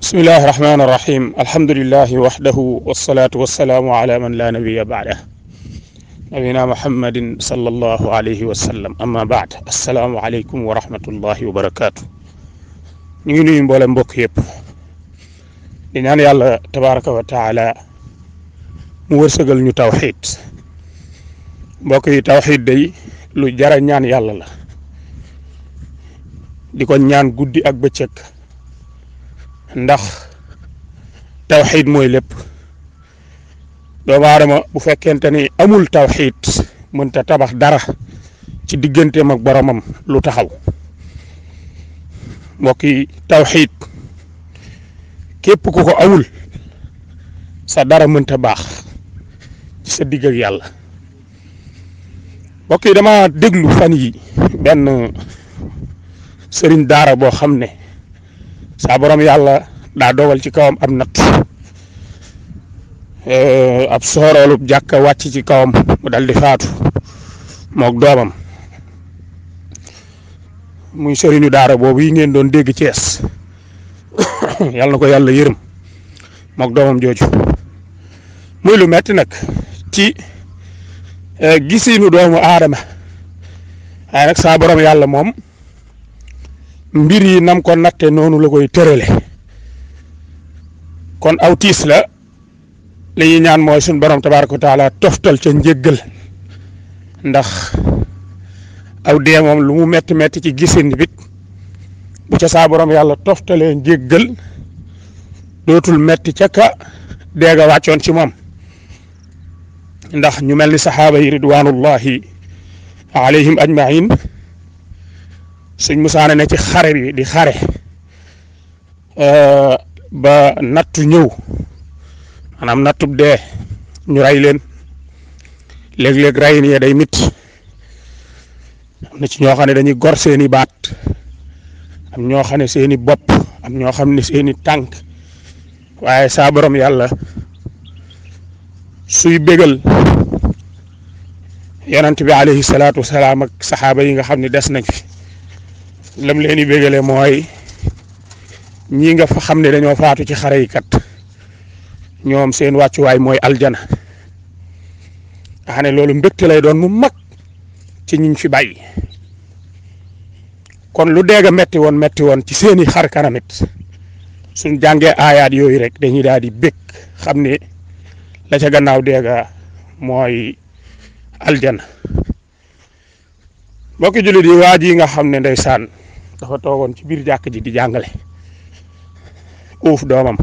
bismillahi irahmani irahim alhamdulilahi waxdahu walsalaatu walsalaamu ala man laa nabiya baada nabina muhammadin sallallahu alayhi wa sallam amma baad assalaamu aleykum wa rahmatullahi wa barakaatu ñu ngi nuyu mboole mbokk yëpp di ñaan yàlla tabaraka wa taala mu wërsëgal ñu tawxiid mbokk yi tawxiid day lu jara ñaan yàlla la di ko ñaan guddi ak bëccëg ndax tawxiit mooy lépp doomu bu fekkente ni amul tawxiid mënta tabax dara ci diggante ak boromam lu taxaw mbokk tawxiit képp ku ko amul sa dara mënta baax ci sa digg ak yàlla mbokki yi déglu fan yi benn sëriñ daara boo xam ne saa borom yàlla daa dogal ci kawam ab natt eh, ab sooroolub jàkka wàcc ci kawam mu dal di faatu mook doomam muy sëriñu daara boobu yi ngeen doon dégg Cees yàlla ko yàlla yërëm mook doomam jooju muy lu metti nag ci eh, gisiinu doomu aadama waaye nag saa borom yàlla moom mbir yi nam ko natte noonu la koy tërale kon aw tiis la li ñaan mooy suñ borom tabaaraka wa toftal ca njëggal ndax aw dee lu mu metti metti ci gisin bit bu ca saa borom yàlla toftalee njëggal dootul metti ca ka deega wàccoon ci moom ndax ñu mel ni saxaaba yi ridwanullahi alayhim ajmain suñ musaane ne ci xare bi di xare euh, ba nattu ñëw maanaam nattub dee ñu rey leen léeg-léeg reyin yee day mit am na ci ñoo xam ne dañuy gor seeni baat am ñoo xam ne seeni bopp am ñoo xam ne seeni tànk waaye saa yàlla suy bégal yonent bi alayhi salaatu wasalaam ak saxaaba yi nga xam ne des nañ fi lam leen di bégalee mooy ñii nga fa xam ne dañoo faatu ci xare kat ñoom seen wàccuwaay mooy aljana nga loolu mbégte lay doon mu mag ci ñiñ fi bàyyi kon lu deega metti woon metti woon ci seeni xar kanamit suñ jàngee ayaat yooyu rek dañuy daal di bég xam ne la ca gannaaw deega mooy aljana mbokki jullit yi waa nga xam ne ndeysaan dafa toogoon ci biir jàkk ji di jàngale uuf doomam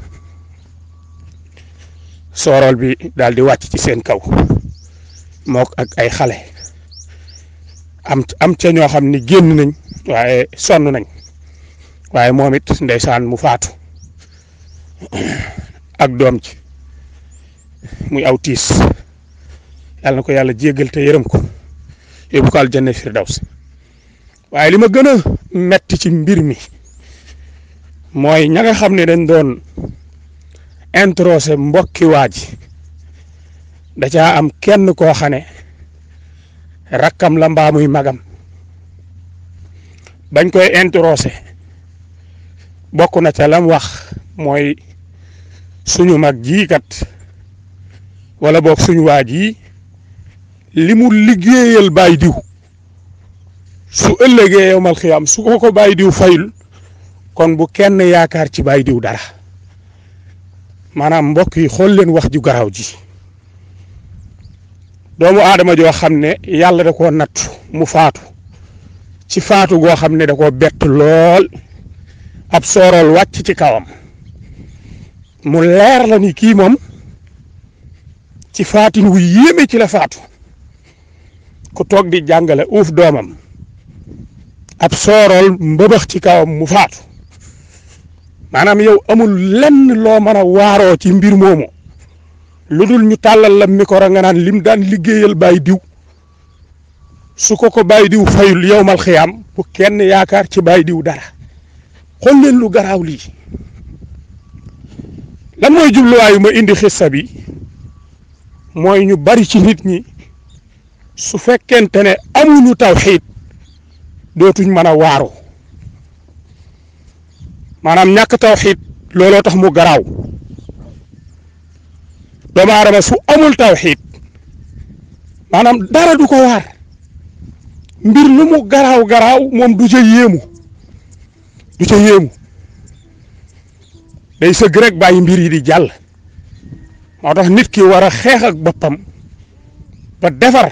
soorool bi daal di wàcc ci seen kaw mook ak ay xale am am ñoo xam ni génn nañ waaye sonn nañ waaye moomit it ndeysaan mu faatu ak doom ci muy aw yàlla na ko yàlla jéggal te yërëm ko yóbbu ko aljanna firdaws waaye li ma gën a metti ci mbir mi mooy ña nga xam ne dañ doon introsé mbokki waa ji da caa am kenn koo xane rakkam la mbaa magam bañ koy introsé bokk na ca lam wax mooy suñu mag jii kat wala boog suñu waa ji li mu liggéeyal baay diw su ëllëgee yowmal am su ko ko bàyyi diw fayul kon bu kenn yaakaar ci bàyyi diw dara maanaam mbokk yi xool leen wax ju garaaw ji doomu aadama joo xam ne yàlla da koo natt mu faatu ci faatu goo xam ne da koo bett lool ab soorool wàcc ci kawam mu leer la ni kii moom ci faatin wu yéeme ci la faatu ku toog di jàngale uuf doomam ab soorool mbëbëx ci kaw mu faatu manam yow amul lenn lo meuna waro ci mbir momo ludul ñu talal la ra nga nan lim daan liggéeyal bay diw su ko ko bay diw fayul yowmal khiyam bu kenn yaakar ci bay diw dara xol leen lu garaw li lan jublu jubluwaayu ma indi xissa bi moy ñu bari ci nit ñi su fekkente ne amuñu tawhid dootuñ mën a waaru maanaam ñàkk tawxiid looloo tax mu garaaw doomu aadama su amul tawxiid maanaam dara du ko waar mbir lu mu garaaw garaaw moom du ca yéemu du ca yéemu day sëgg rek bàyyi mbir yi di jàll moo tax nit ki war a xeex boppam ba defar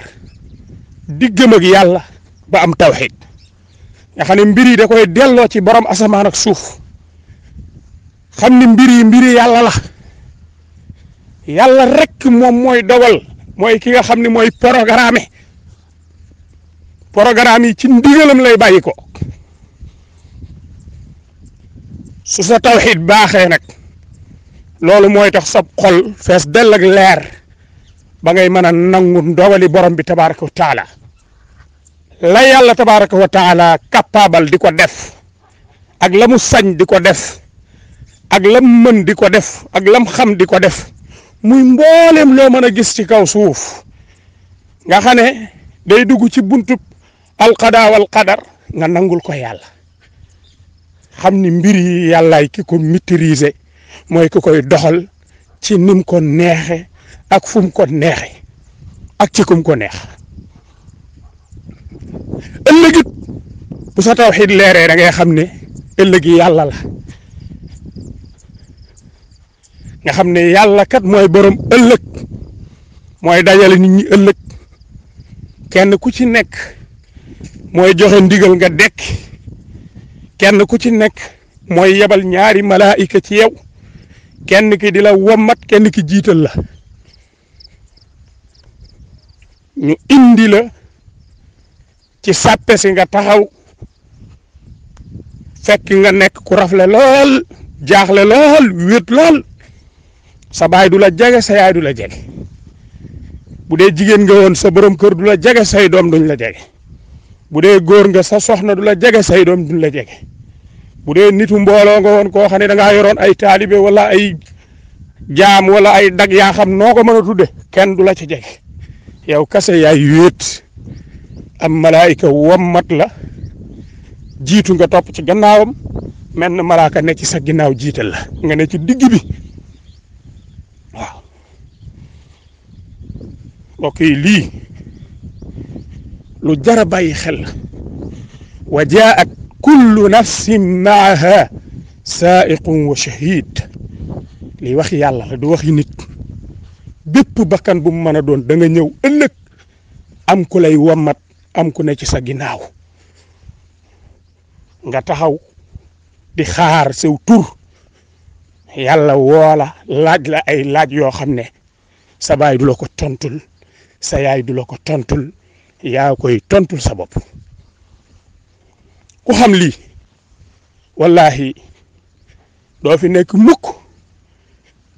diggam ak yàlla ba am tawxiid nga xam mbir yi da koy delloo ci borom asamaan ak suuf xam ni mbir yi mbiri yàlla la yàlla rek moom mooy dogal mooy ki nga xam ni mooy programme programme yi ci ndigalam lay bàyyi ko su sa tawxiid baaxee nag loolu mooy tax sab xol fees dell ak leer ba ngay mën a nangu dogali borom bi tabaaraka wa taala la yàlla tabaraka wa taala capable di ko def ak la mu sañ di ko def ak lam mën di ko def ak lam xam di ko def muy mboolem loo mën a gis ci kaw suuf nga xam ne day dugg ci buntub alqada wal nga nangul ko yàlla xam ni mbir yi yàlla ki ko maîtriser mooy ki koy doxal ci nim ko neexe ak fum ko neexe ak ci kum ko neex ëllëgit bu sa tawhid léré da ngay xamné ne ëllëg yi la nga xamné yalla kat moy borom ëllëk moy dajale nit ñi ëllëk kenn ku ci nekk moy joxe ndigal nga dekk kenn ku ci nekk moy yebal ñaari malaika ci yow kenn ki dila womat kenn ki jital la ñu indi la. ci sàppe si nga taxaw fekk nga nekk ku rafle lool jaaxle lool wéet lool sa baay du la jege sa yaay du la jege bu dee jigéen nga woon sa borom kër du la jege say doom duñ la jege bu dee góor nga sa soxna du la jege say doom duñ la jege bu dee nitu mbooloo nga woon koo xam ne da ngaa yoroon ay talibe wala ay jaam wala ay dag yaa xam noo ko mën tudde kenn du la ci jege yow kase yaay wéet am malaika wamat la jitu nga top ci gannaawam men malaaka ne ci sa ginnaaw jital la nga ne ci digg bi waaw mbokk li, lu jara bayyi xel wa jaat kullu nafsin maaha sa'iqun wa shahid li wax yalla la du wax nit bepp bakkan bu meuna don da nga ñew am ku lay wommat am ku ne ci sa ginnaaw nga taxaw di xaar sew tur yàlla woola laaj la ay laaj yoo xam ne sa baay du ko tontul sa yay dula ko tontul yaa koy tontul sa bopp ku xam lii wallahi doo fi nekk mukk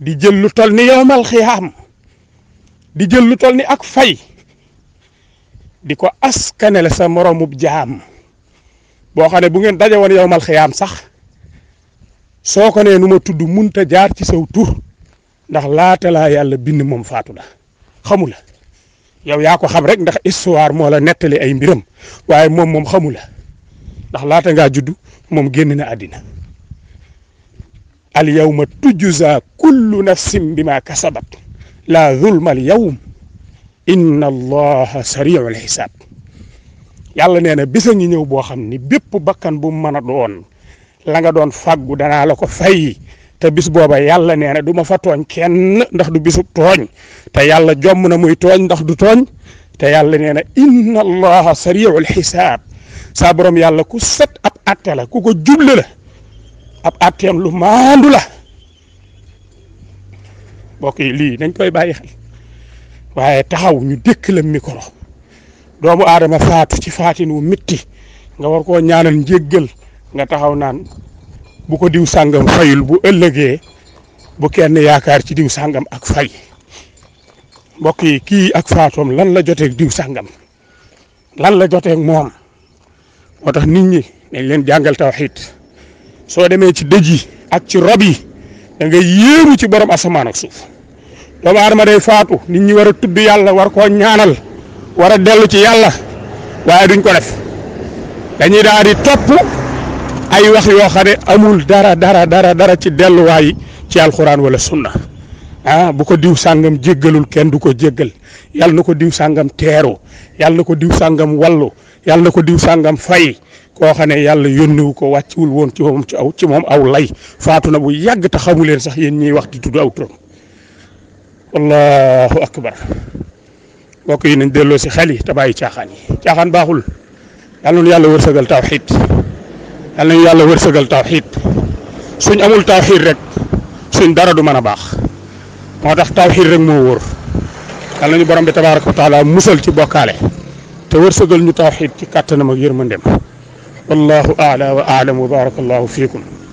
di jël tol ni yowmal xiyaam di jël lu tol ni ak fay di ko askanele sa moromub jaam boo xam ne bu ngeen daje woon yowmal sax soo ko nee nu ma tudd munta jaar ci saw tur ndax laata laa yàlla bind moom faatu la xamula la yow yaa ko xam rek ndax histoire moola la nettali ay mbiram waaye moom moom xamula ndax laata ngaa juddu moom génn na àddina al yawma tujza kullu nafsin bima kasabat la zulma al yawm inna allaha sariul xisaab yàlla nee na bisa ngi ñëw boo xam ni bépp bakkan bu mën a doon la nga doon fàggu danaa la ko fay te bis booba yàlla nee na du ma fa tooñ kenn ndax du bisu tooñ te yàlla jomm na muy tooñ ndax du tooñ te yàlla nee na inna allaha sariul xisaab saa borom yàlla ku set ab atte la ku ko juble ab atteem lu maandu la mbokk yi lii dañ koy bàyyi xel waaye taxaw ñu dékk la micro doomu aadama faatu ci faatin wu mitti nga war ko ñaanal njéggal nga taxaw naan bu ko diw sàngam fayul bu ëllëgee bu kenn yaakaar ci diw sangam ak fay mbokk yi kii ak faatoom lan la joteeg diw sangam lan la joteeg moom moo tax nit ñi dañ leen jàngal soo demee ci dëj yi ak ci rob yi da nga ci borom asamaan ak suuf doomu aadama day faatu nit ñi war a tudd yàlla war koo ñaanal war a dellu ci yàlla waaye duñ ko def dañuy daal di topp ay wax yoo xam ne amul dara dara dara dara ci delluwaay ci alxuraan wala sunna ah bu ko diw sàngam jéggalul kenn du ko jéggal yàlla na ko diw sàngam teeru yàlla na ko diw sàngam wallu yàlla na ko diw sàngam fay koo xam ne yàlla yónniwu ko wàcciwul woon ci moom ci aw ci moom aw lay faatu na bu yàgg te xamu leen sax yéen ñiy wax di tudd aw turam الله أكبر بوكي ندلو سي خالي تباي تياخاني تياخان باخول يالون يالا ورسغل توحيد يالون يالا ورسغل توحيد سوني امول توحيد رك سوني دارا دو مانا باخ موتاخ توحيد رك مو وور يالون ني بروم بي تبارك وتعالى موسل سي بوكالي تي ورسغل ني توحيد سي كاتنام ak يرمندم والله اعلى واعلم وبارك الله فيكم